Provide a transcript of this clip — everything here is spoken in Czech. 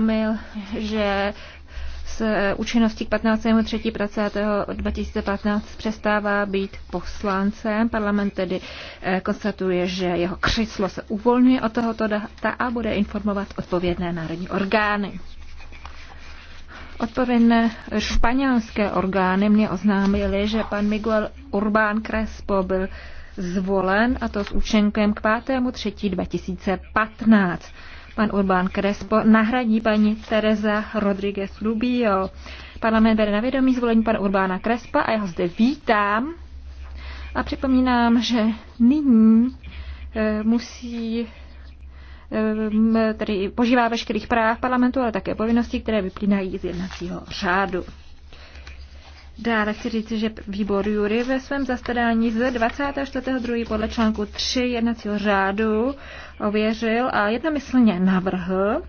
mail, že s účinností k 15.3.2015 přestává být poslancem. Parlament tedy eh, konstatuje, že jeho křeslo se uvolňuje od tohoto data a bude informovat odpovědné národní orgány. Odpovědné španělské orgány mě oznámily, že pan Miguel Urbán Crespo byl zvolen a to s účinkem k 5.3.2015 pan Urbán Crespo nahradí paní Teresa Rodriguez Rubio. Parlament bere na vědomí zvolení pana Urbána Krespa a já zde vítám a připomínám, že nyní e, musí eh, tedy požívá veškerých práv parlamentu, ale také povinností, které vyplývají z jednacího řádu. Dále chci říct, že výbor Jury ve svém zasedání z 24.2. podle článku 3 jednacího řádu ověřil a jednomyslně navrhl,